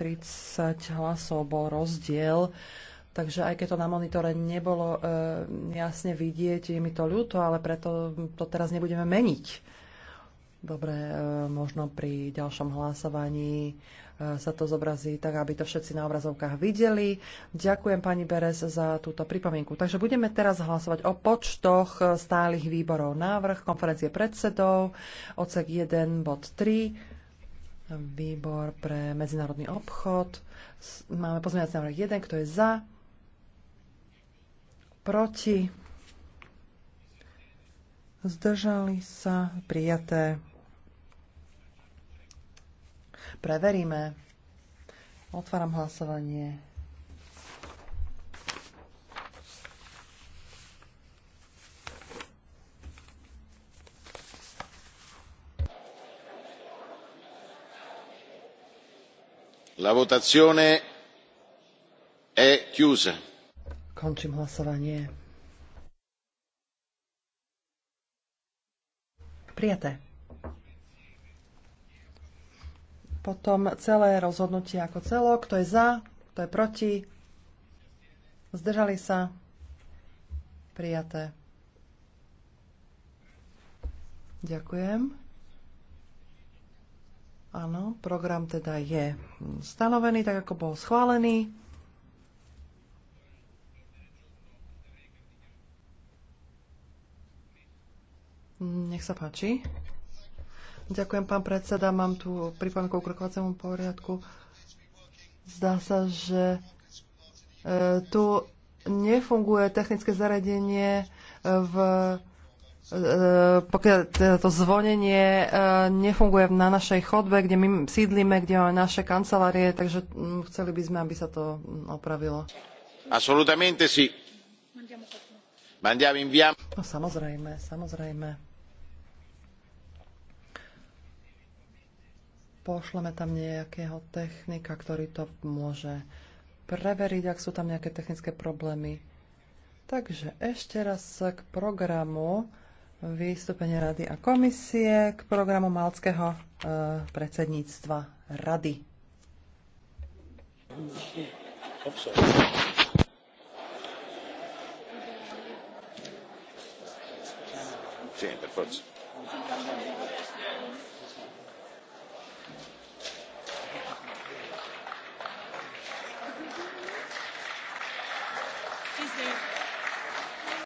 30 hlasov bol rozdiel. Takže aj keď to na monitore nebolo e, jasne vidieť, je mi to ľúto, ale preto to teraz nebudeme meniť. Dobre, e, možno pri ďalšom hlasovaní e, sa to zobrazí tak, aby to všetci na obrazovkách videli. Ďakujem pani Beres za túto pripomienku. Takže budeme teraz hlasovať o počtoch stálych výborov návrh konferencie predsedov, odsek 1, bod 3 výbor pre medzinárodný obchod. Máme pozmeňovací návrh 1, kto je za, proti, zdržali sa, prijaté. Preveríme. Otváram hlasovanie. la votazione è chiusa končím hlasovanie prijaté potom celé rozhodnutie ako celo kto je za kto je proti zdržali sa prijaté ďakujem Áno, program teda je stanovený tak, ako bol schválený. Nech sa páči. Ďakujem, pán predseda. Mám tu pripomienku k rokovaciemu poriadku. Zdá sa, že e, tu nefunguje technické zariadenie v E, pokiaľ to zvonenie e, nefunguje na našej chodbe, kde my sídlime, kde máme naše kancelárie, takže mm, chceli by sme, aby sa to mm, opravilo. Absolutamente sí. Mandiamo inviamo. No samozrejme, samozrejme. Pošleme tam nejakého technika, ktorý to môže preveriť, ak sú tam nejaké technické problémy. Takže ešte raz k programu vystúpenie rady a komisie k programu malckého predsedníctva rady. Sì, per forza.